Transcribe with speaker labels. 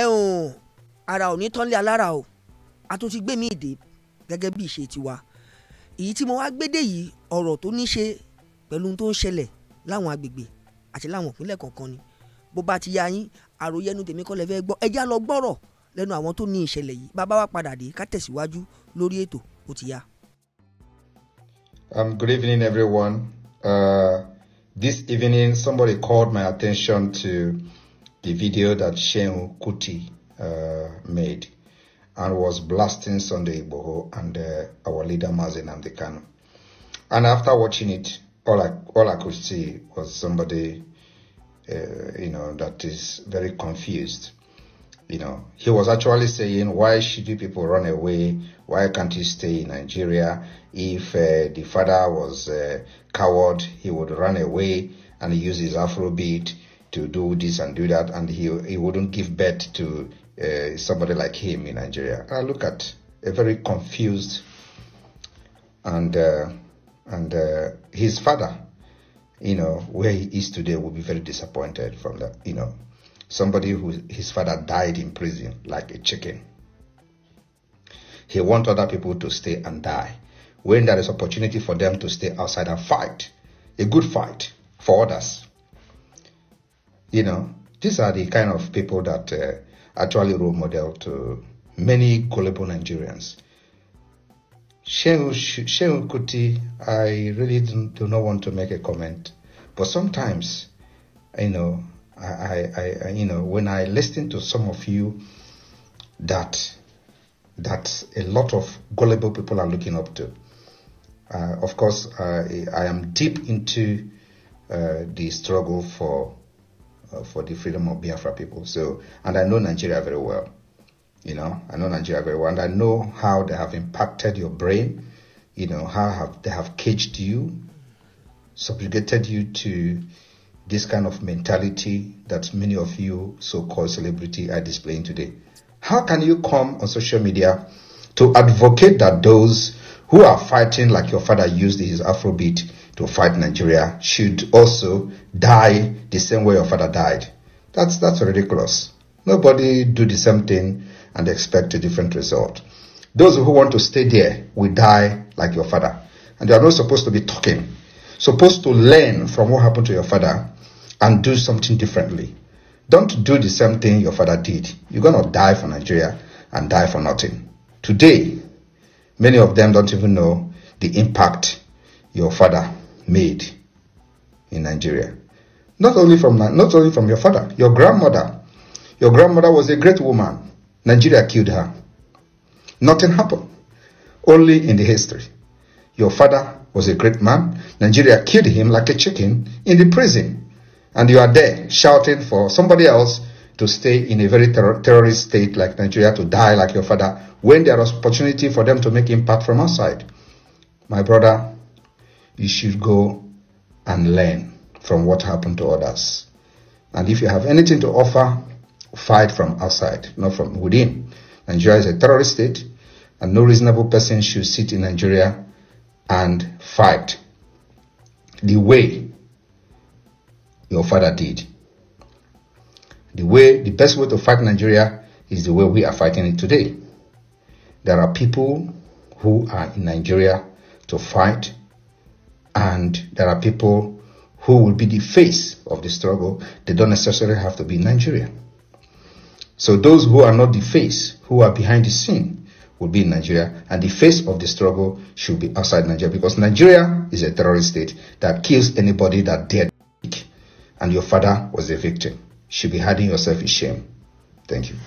Speaker 1: ẹ̀hún ara ò ní tọ́lé alára o a tún ti gbé mi ìdè gẹ́gẹ́ bí ìṣe tiwa èyí tí mo wá gbé dé yìí ọ̀rọ̀ tó ní ṣe pẹ̀lú tó ń ṣẹlẹ̀ láwọn agbègbè àti láwọn ìpínlẹ̀ kọ̀ọ̀kan ni bó bá ti ya yín àròyé ẹnu tèmi kọ́ lẹ fẹ́ gbọ́ ẹjá lọ gbọ́rọ̀ lẹ́nu àwọn tó ní ìṣẹ̀lẹ̀ yìí bàbá wa padà dé ká tẹ̀síwájú lórí ètò ó ti ya.
Speaker 2: Um, good evening everyone. Uh, this evening somebody called my attention to the video that Shane Kuti uh, made and was blasting Sunday Igboho and uh, our leader Mazin Amdekano. And after watching it, all I, all I could see was somebody, uh, you know, that is very confused. You know, he was actually saying, why should you people run away? Why can't you stay in Nigeria? If uh, the father was a uh, coward, he would run away and use his Afrobeat to do this and do that, and he he wouldn't give birth to uh, somebody like him in Nigeria. I look at a very confused and uh, and uh, his father, you know, where he is today will be very disappointed from that, you know, somebody who his father died in prison like a chicken. He wants other people to stay and die when there is opportunity for them to stay outside and fight a good fight for others you know, these are the kind of people that uh, actually role model to many gullible Nigerians. Shehu, Shehu Kuti, I really do not want to make a comment, but sometimes, you know, I, I, I, you know, when I listen to some of you, that that a lot of gullible people are looking up to. Uh, of course, uh, I am deep into uh, the struggle for uh, for the freedom of Biafra people. So, and I know Nigeria very well. You know, I know Nigeria very well, and I know how they have impacted your brain. You know how have they have caged you, subjugated you to this kind of mentality that many of you so-called celebrity are displaying today. How can you come on social media to advocate that those who are fighting like your father used his Afrobeat to fight Nigeria should also die the same way your father died. That's, that's ridiculous. Nobody do the same thing and expect a different result. Those who want to stay there will die like your father. And you are not supposed to be talking. Supposed to learn from what happened to your father and do something differently. Don't do the same thing your father did. You're going to die for Nigeria and die for nothing. Today, many of them don't even know the impact your father made in Nigeria. Not only from not only from your father, your grandmother. Your grandmother was a great woman. Nigeria killed her. Nothing happened. Only in the history. Your father was a great man. Nigeria killed him like a chicken in the prison. And you are there shouting for somebody else to stay in a very ter terrorist state like Nigeria to die like your father when there was opportunity for them to make impact from outside. My brother, you should go and learn from what happened to others. And if you have anything to offer, fight from outside, not from within. Nigeria is a terrorist state, and no reasonable person should sit in Nigeria and fight the way your father did. The way, the best way to fight Nigeria is the way we are fighting it today. There are people who are in Nigeria to fight and there are people who will be the face of the struggle. They don't necessarily have to be Nigerian. So those who are not the face, who are behind the scene, will be in Nigeria, and the face of the struggle should be outside Nigeria because Nigeria is a terrorist state that kills anybody that dared. And your father was a victim. should be hiding yourself in shame. Thank you.